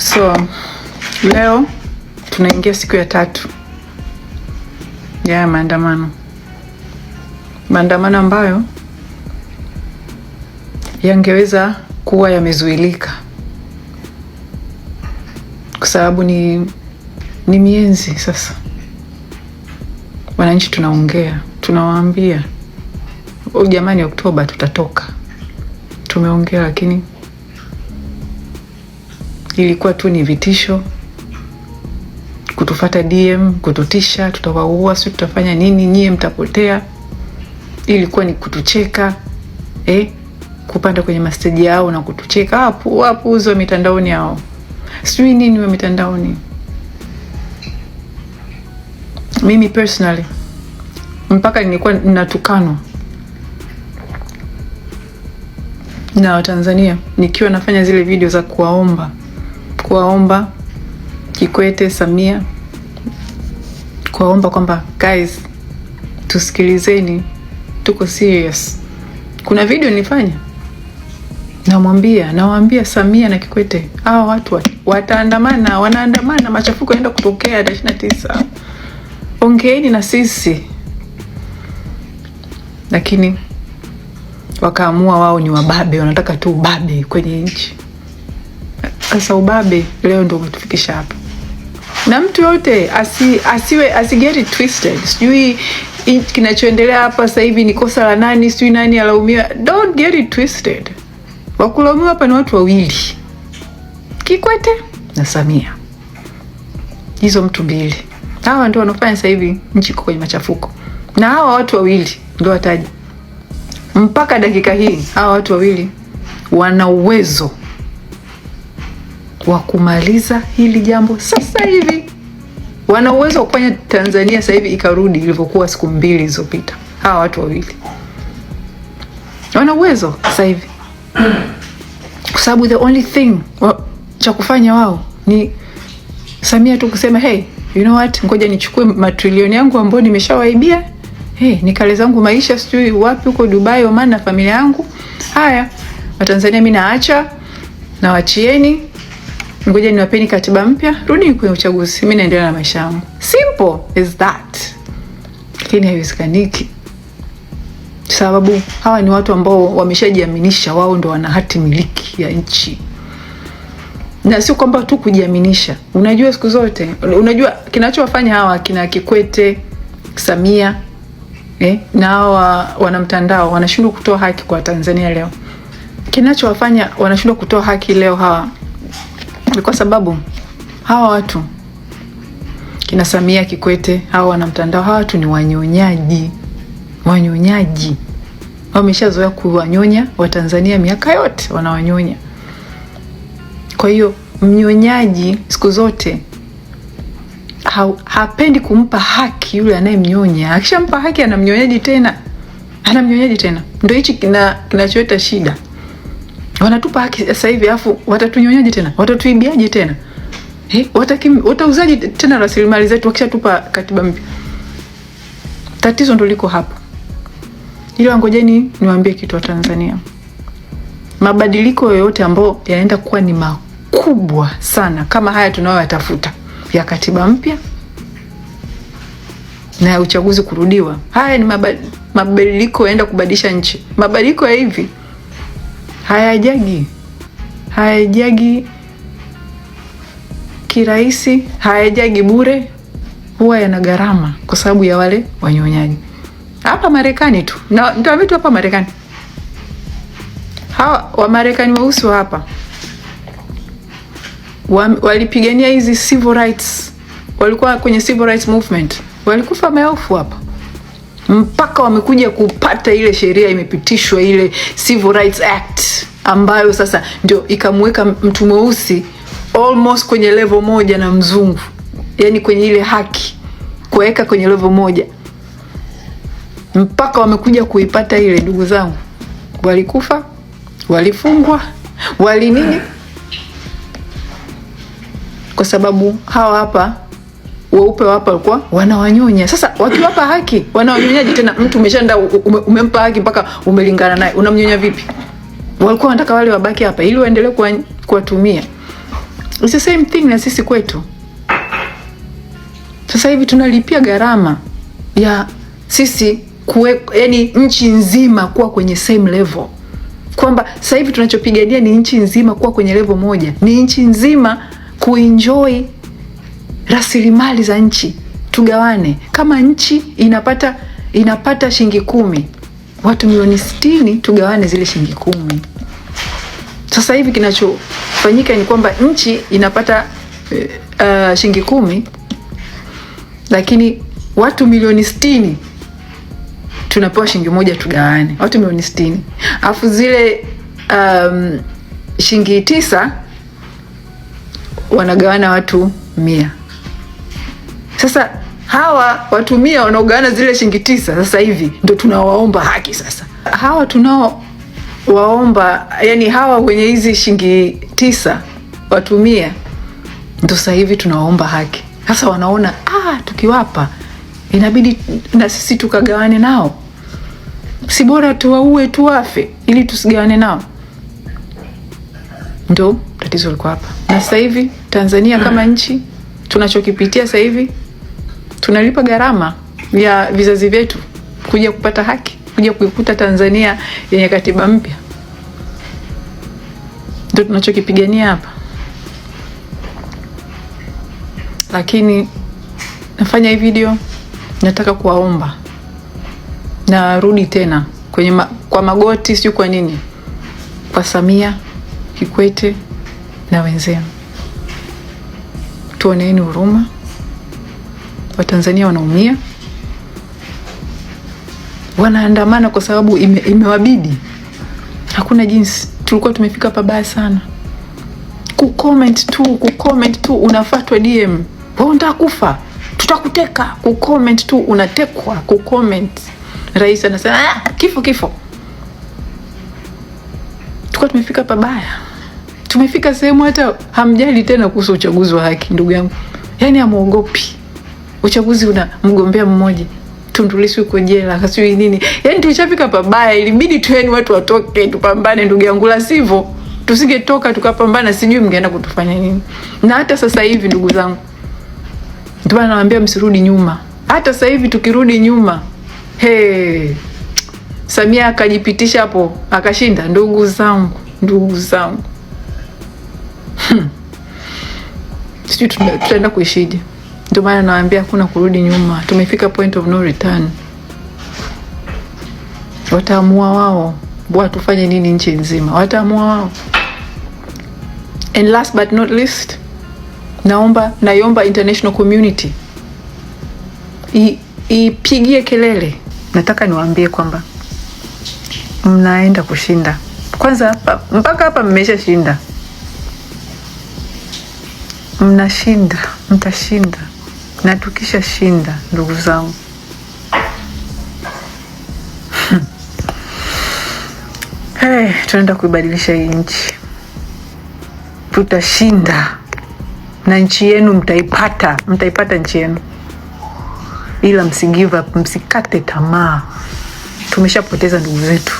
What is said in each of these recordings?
So leo tunaingia siku ya tatu ya yeah, maandamano, maandamano ambayo yangeweza kuwa yamezuilika kwa sababu ni, ni mienzi sasa. Wananchi tunaongea, tunawaambia oh, jamani, Oktoba tutatoka. Tumeongea lakini ilikuwa tu ni vitisho, kutufata DM, kututisha tutawaua, si tutafanya nini, nyie mtapotea. Ilikuwa ni kutucheka eh, kupanda kwenye masteji yao na kutucheka hapo hapo, uzo mitandaoni hao, sijui nini wa mitandaoni. Mimi personally mpaka nilikuwa natukanwa na Watanzania nikiwa nafanya zile video za kuwaomba kuwaomba Kikwete, Samia, kuwaomba kwamba guys, tusikilizeni, tuko serious. Kuna video nilifanya namwambia, nawaambia Samia na Kikwete, hawa watu wataandamana, wanaandamana, machafuko yanaenda kutokea tarehe ishirini na tisa, ongeeni na sisi. Lakini wakaamua wao ni wababe, wanataka tu ubabe kwenye nchi. Sasa ubabe leo ndo umetufikisha hapa, na mtu yote asi, asiwe asi get it twisted, sijui kinachoendelea hapa sasa hivi ni kosa la nani, sijui nani alaumiwa. Don't get it twisted. Wakulaumiwa hapa ni watu wawili, Kikwete na Samia, hizo mtu mbili. Hawa ndio wanaofanya sasa hivi nchi iko kwenye machafuko, na hawa watu wawili ndio wataji mpaka dakika hii, hawa watu wawili wana uwezo wa kumaliza hili jambo sasa hivi. Wana uwezo wa kufanya Tanzania sasa hivi ikarudi ilivyokuwa siku mbili zilizopita. Hawa watu wawili wana uwezo sasa hivi kwa sababu the only thing cha kufanya wao ni Samia tu kusema hey, you know what, ngoja nichukue matrilioni yangu ambayo nimeshawaibia hey, nikale zangu maisha sijui wapi huko Dubai, Oman na familia yangu. Haya Watanzania, mimi naacha nawachieni ngoja niwapeni katiba mpya, rudini kwenye uchaguzi, mi naendelea na maisha yangu. Simple is that. Lakini haiwezekaniki, sababu hawa ni watu ambao wameshajiaminisha wao ndo wana hati miliki ya nchi, na sio kwamba tu kujiaminisha. Unajua siku zote, unajua kinachowafanya hawa kina Kikwete, Samia eh, na hawa wanamtandao wanashindwa kutoa haki kwa Tanzania leo, kinachowafanya wanashindwa kutoa haki leo hawa ni kwa sababu hawa watu kina Samia, Kikwete, hawa mtandao hawa watu ni wanyonyaji. Wanyonyaji wameshazoea kuwanyonya Watanzania miaka yote, wanawanyonya. Kwa hiyo mnyonyaji siku zote ha, hapendi kumpa haki yule anayemnyonya. Akishampa haki anamnyonyaji tena, anamnyonyaji tena. Ndo hichi kinacholeta kina shida wanatupa haki sasa hivi, afu watatunyonyaje tena? Watatuibiaje tena? He, watakim, watauzaji tena rasilimali zetu wakishatupa katiba mpya. Tatizo ndo liko hapo. Ila ngojeni niwaambie kitu wa Tanzania, mabadiliko yoyote ambayo yanaenda kuwa ni makubwa sana kama haya tunayoyatafuta ya katiba mpya na ya uchaguzi kurudiwa, haya ni mabadiliko yaenda kubadilisha nchi, mabadiliko ya hivi hayajagi hayajagi kirahisi, hayajagi bure, huwa yana gharama kwa sababu ya wale wanyonyaji. Hapa Marekani tu na ndio hapa Marekani, hawa Wamarekani weusi wa hapa walipigania hizi civil rights, walikuwa kwenye civil rights movement, walikufa maelfu hapa mpaka wamekuja kupata ile sheria imepitishwa, ile Civil Rights Act ambayo sasa ndio ikamweka mtu mweusi almost kwenye level moja na mzungu, yani kwenye ile haki kuweka kwenye level moja, mpaka wamekuja kuipata ile. Ndugu zangu, walikufa, walifungwa, wali nini, kwa sababu hawa hapa weupe wapa walikuwa wanawanyonya. Sasa wakiwapa haki wanawanyonyaje tena? Mtu umeshaenda ume, umempa haki mpaka umelingana naye, unamnyonya vipi? Walikuwa wanataka wale wabaki hapa ili waendelee kuwatumia. It's the same thing na sisi kwetu. Sasa hivi tunalipia gharama ya sisi kuwe, yani nchi nzima kuwa kwenye same level, kwamba sasa hivi tunachopigania ni nchi nzima kuwa kwenye level moja, ni nchi nzima kuenjoy rasilimali za nchi tugawane. Kama nchi inapata inapata shilingi kumi, watu milioni sitini tugawane zile shilingi kumi. Sasa hivi kinachofanyika ni kwamba nchi inapata uh, shilingi kumi, lakini watu milioni sitini tunapewa shilingi moja tugawane, watu milioni sitini alafu zile um, shilingi tisa wanagawana watu mia. Sasa hawa watumia wanaogawana zile shilingi tisa sasa hivi ndo tunawaomba haki sasa. Hawa tunaowaomba yani, hawa wenye hizi shilingi tisa watumia, ndo sasa hivi tunawaomba haki sasa. Wanaona ah, tukiwapa inabidi na sisi tukagawane nao, si bora tuwaue tuwafe ili tusigawane nao? Ndo tatizo liko hapa. Na sasa hivi Tanzania kama nchi tunachokipitia sasa hivi tunalipa gharama ya vizazi vyetu kuja kupata haki, kuja kuikuta Tanzania yenye katiba mpya. Ndio tunachokipigania hapa, lakini nafanya hii video, nataka kuwaomba, narudi tena kwenye ma, kwa magoti, sio kwa nini, kwa Samia Kikwete na wenzenu, tuoneeni huruma. Watanzania wanaumia, wanaandamana kwa sababu ime, imewabidi. Hakuna jinsi, tulikuwa tumefika pabaya sana. Kucomment tu kucomment tu unafatwa DM, wewe unataka kufa, tutakuteka. Kucomment tu unatekwa. Kucomment rais anasema ah, kifo kifo. Tulikuwa tumefika pabaya, tumefika sehemu hata hamjali tena kuhusu uchaguzi wa haki, ndugu yangu, yaani ya uchaguzi una mgombea mmoja Tundu Lissu yuko jela, kasijui nini. yani tulishafika pabaya, ilibidi tueni watu watoke tupambane, ndugu yangu, la sivyo tusingetoka tukapambana, sijui mngeenda kutufanya nini. Na hata sasa hivi ndugu zangu, ndio maana msirudi nyuma. Hata sasa hivi tukirudi nyuma, he, Samia akajipitisha hapo akashinda. Ndugu zangu, ndugu zangu, hmm, sijui tutaenda kuishije. Ndio maana nawaambia hakuna kurudi nyuma, tumefika point of no return. Wataamua wao bwa tufanye nini nchi nzima, wataamua wao. And last but not least, naomba naiomba international community ipigie kelele. Nataka niwaambie kwamba mnaenda kushinda. Kwanza hapa mpaka hapa mmesha shinda, mnashinda, mtashinda na tukishashinda, ndugu zangu, hmm. hey, tunaenda kuibadilisha hii nchi. Tutashinda na nchi yenu mtaipata, mtaipata nchi yenu, ila msi give up, msikate tamaa. Tumeshapoteza ndugu zetu,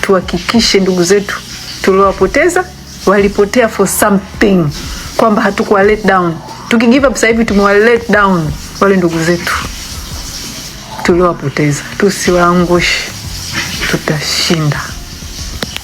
tuhakikishe ndugu zetu tuliowapoteza walipotea for something, kwamba hatukuwa let down. Tukigive up sasa hivi tumewa let down wale ndugu zetu tuliwapoteza tusiwaangushe, tutashinda.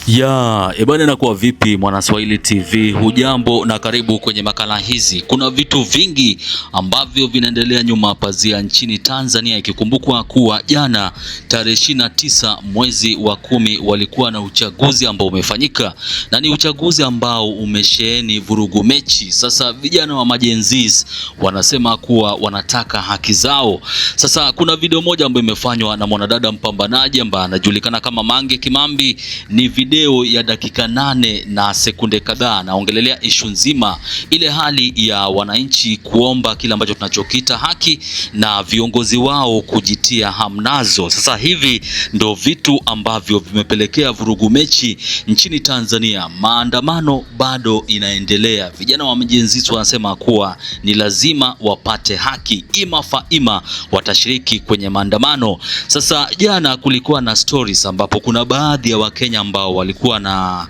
Ya, ebana nakuwa vipi Mwanaswahili TV, hujambo na karibu kwenye makala hizi. Kuna vitu vingi ambavyo vinaendelea nyuma pazia nchini Tanzania, ikikumbukwa kuwa jana tarehe ishirini tisa mwezi wa kumi walikuwa na uchaguzi ambao umefanyika na ni uchaguzi ambao umesheheni vurugu mechi. Sasa vijana wa majenzis wanasema kuwa wanataka haki zao. Sasa kuna video moja ambayo imefanywa na mwanadada mpambanaji ambaye anajulikana kama Mange Kimambi, ni video video ya dakika nane na sekunde kadhaa, naongelelea ishu nzima ile hali ya wananchi kuomba kile ambacho tunachokita haki na viongozi wao kujitia hamnazo. Sasa hivi ndo vitu ambavyo vimepelekea vurugu mechi nchini Tanzania. Maandamano bado inaendelea, vijana wa Gen wanasema kuwa ni lazima wapate haki, ima ima watashiriki kwenye maandamano. Sasa jana kulikuwa na stories ambapo kuna baadhi ya Wakenya ambao walikuwa na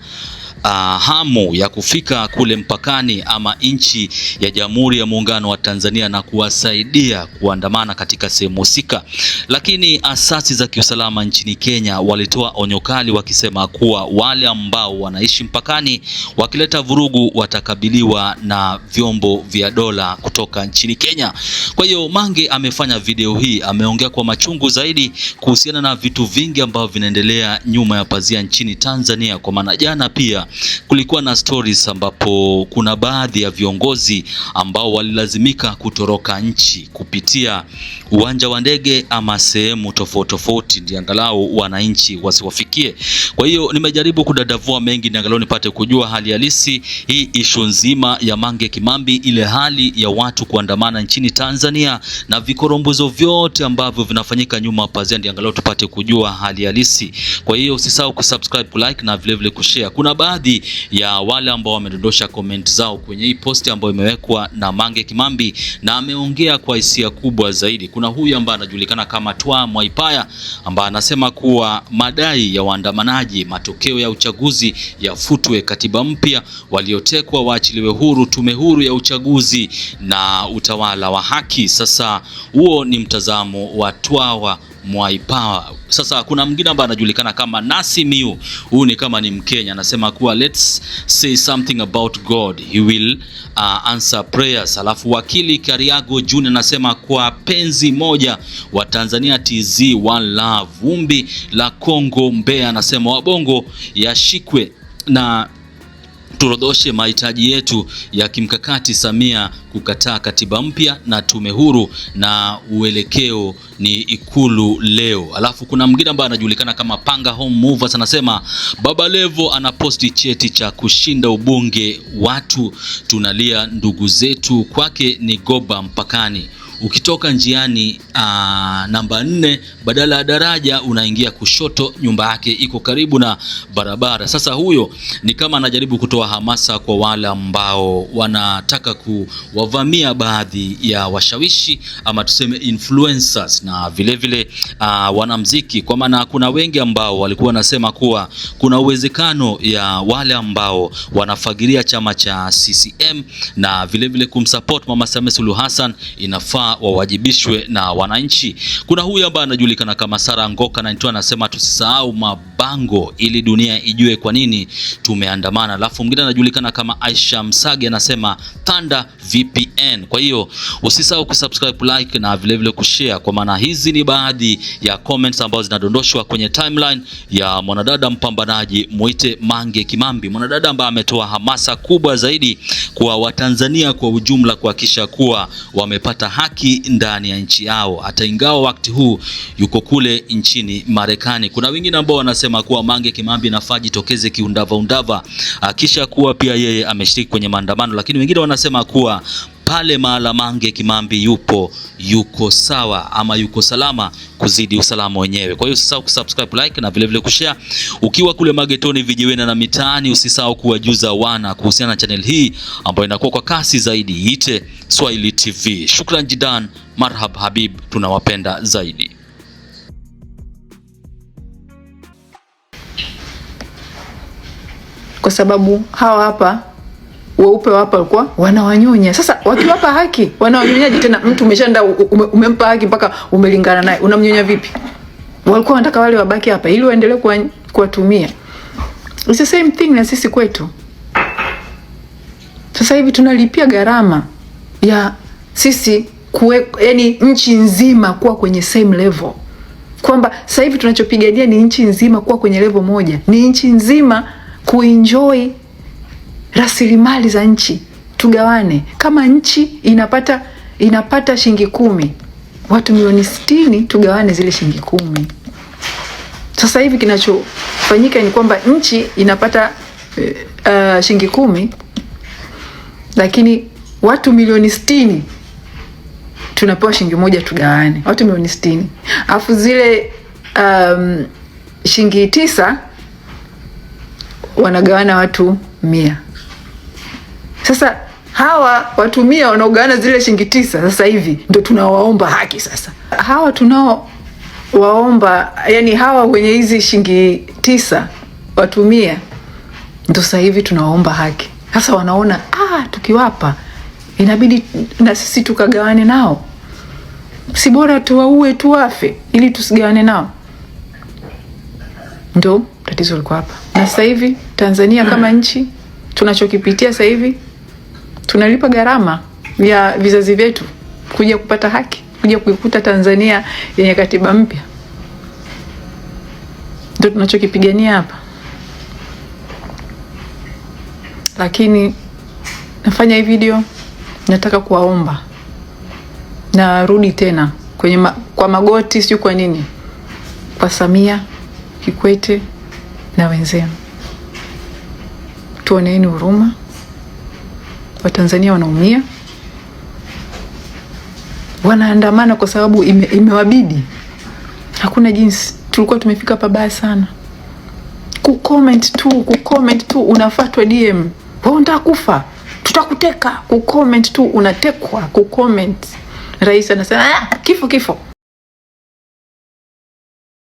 uh, hamu ya kufika kule mpakani ama nchi ya Jamhuri ya Muungano wa Tanzania na kuwasaidia kuandamana katika sehemu husika, lakini asasi za kiusalama nchini Kenya walitoa onyo kali wakisema kuwa wale ambao wanaishi mpakani wakileta vurugu watakabiliwa na vyombo vya dola kutoka nchini Kenya. Kwa hiyo Mange amefanya video hii, ameongea kwa machungu zaidi kuhusiana na vitu vingi ambavyo vinaendelea nyuma ya pazia nchini Tanzania, kwa maana jana pia kulikuwa na stories ambapo kuna baadhi ya viongozi ambao walilazimika kutoroka nchi kupitia uwanja wa ndege ama sehemu tofauti tofauti, ndio angalau wananchi wasiwafikie. Kwa hiyo nimejaribu kudadavua mengi, ndio angalau nipate kujua hali halisi hii ishu nzima ya Mange Kimambi, ile hali ya watu kuandamana nchini Tanzania na vikorombozo vyote ambavyo vinafanyika nyuma pazia, ndio angalau tupate kujua hali halisi. Kwa hiyo usisahau kusubscribe, kulike na vilevile kushare. Kuna baadhi baadhi ya wale ambao wamedondosha comment zao kwenye hii posti ambayo imewekwa na Mange Kimambi, na ameongea kwa hisia kubwa zaidi. Kuna huyu ambaye anajulikana kama Twa Mwaipaya ambaye anasema kuwa madai ya waandamanaji matokeo ya uchaguzi yafutwe, katiba mpya, waliotekwa waachiliwe huru, tume huru ya uchaguzi na utawala wa haki. Sasa huo ni mtazamo wa Twawa Mwaipawa. Sasa kuna mwingine ambaye anajulikana kama Nasi Miu. Huyu ni kama ni Mkenya, anasema kuwa let's say something about God he will uh, answer prayers. Alafu wakili Kariago June anasema kwa penzi moja wa Tanzania TZ one love. Vumbi la Kongo Mbeya anasema wabongo yashikwe na turodoshe mahitaji yetu ya kimkakati, Samia kukataa katiba mpya na tume huru, na uelekeo ni Ikulu leo. Alafu kuna mwingine ambaye anajulikana kama Panga Home Movers anasema Baba Levo anaposti cheti cha kushinda ubunge, watu tunalia ndugu zetu, kwake ni goba mpakani. Ukitoka njiani aa, ah, namba nne badala ya daraja unaingia kushoto. Nyumba yake iko karibu na barabara. Sasa huyo ni kama anajaribu kutoa hamasa kwa wale ambao wanataka kuwavamia baadhi ya washawishi ama tuseme influencers na vilevile vile, ah, wanamziki, kwa maana kuna wengi ambao walikuwa wanasema kuwa kuna uwezekano ya wale ambao wanafagiria chama cha CCM na vilevile kumsupport Mama Samia Suluhu Hassan inafaa wawajibishwe na wananchi. Kuna huyu ambaye anajulikana kama Sara Ngoka na anasema tusisahau bango ili dunia ijue kwa nini tumeandamana. Alafu mwingine anajulikana kama Aisha Msage anasema Thunder VPN. Kwa hiyo usisahau kusubscribe, like na vilevile kushare, kwa maana hizi ni baadhi ya comments ambazo zinadondoshwa kwenye timeline ya mwanadada mpambanaji mwite Mange Kimambi, mwanadada ambaye ametoa hamasa kubwa zaidi kwa Watanzania kwa ujumla kuhakikisha kuwa wamepata haki ndani ya nchi yao, hata ingawa wakati huu yuko kule nchini Marekani. Kuna wengine ambao wanasema anasema kuwa Mange Kimambi nafaa jitokeze undava, akisha ah, kuwa pia yeye ameshiriki kwenye maandamano, lakini wengine wanasema kuwa pale mahala Mange Kimambi yupo yuko sawa ama yuko salama kuzidi usalama wenyewe. Kwa hiyo usisahau kusubscribe, like na vilevile kushare. Ukiwa kule magetoni, vijiweni na mitaani, usisahau kuwajuza wana kuhusiana na channel hii ambayo inakuwa kwa kasi zaidi, iite Swahili TV. Shukran jidan, marhab habib, tunawapenda zaidi. kwa sababu hawa hapa weupe wapa walikuwa wanawanyonya. Sasa wakiwapa haki wanawanyonyaje tena? Mtu umeshaenda ume, umempa haki mpaka umelingana naye, unamnyonya vipi? Walikuwa wanataka wale wabaki hapa ili waendelee kuwa, kuwatumia. It's the same thing na sisi kwetu. Sasa hivi tunalipia gharama ya sisi kuwe, yani nchi nzima kuwa kwenye same level, kwamba sasa hivi tunachopigania ni nchi nzima kuwa kwenye level moja, ni nchi nzima kuenjoy rasilimali za nchi, tugawane. Kama nchi inapata inapata shilingi kumi, watu milioni sitini tugawane zile shilingi kumi. Sasa hivi kinachofanyika ni kwamba nchi inapata uh, shilingi kumi, lakini watu milioni sitini tunapewa shilingi moja tugawane, watu milioni sitini alafu zile um, shilingi tisa wanagawana watu mia. Sasa hawa watu mia wanaogawana zile shilingi tisa sasa hivi ndo tunawaomba haki. Sasa hawa tunaowaomba, yani hawa wenye hizi shilingi tisa watu mia ndo sasa hivi tunawaomba haki. Sasa wanaona ah, tukiwapa inabidi na sisi tukagawane nao, si bora tuwaue tuwafe ili tusigawane nao ndo tatizo liko hapa. Na sasa hivi Tanzania kama nchi tunachokipitia sasa hivi, tunalipa gharama ya vizazi vyetu kuja kupata haki, kuja kuikuta Tanzania yenye katiba mpya, ndio tunachokipigania hapa. Lakini nafanya hii video, nataka kuwaomba, narudi tena kwenye ma, kwa magoti, sio kwa nini, kwa Samia Kikwete na wenzenu. Tuoneeni huruma, Watanzania wanaumia, wanaandamana kwa sababu ime, imewabidi. Hakuna jinsi, tulikuwa tumefika pabaya sana. Kucomment tu kucomment tu, unafatwa DM, wewe unataka kufa, tutakuteka. Kucomment tu unatekwa. Kucomment rais anasema ah, kifo kifo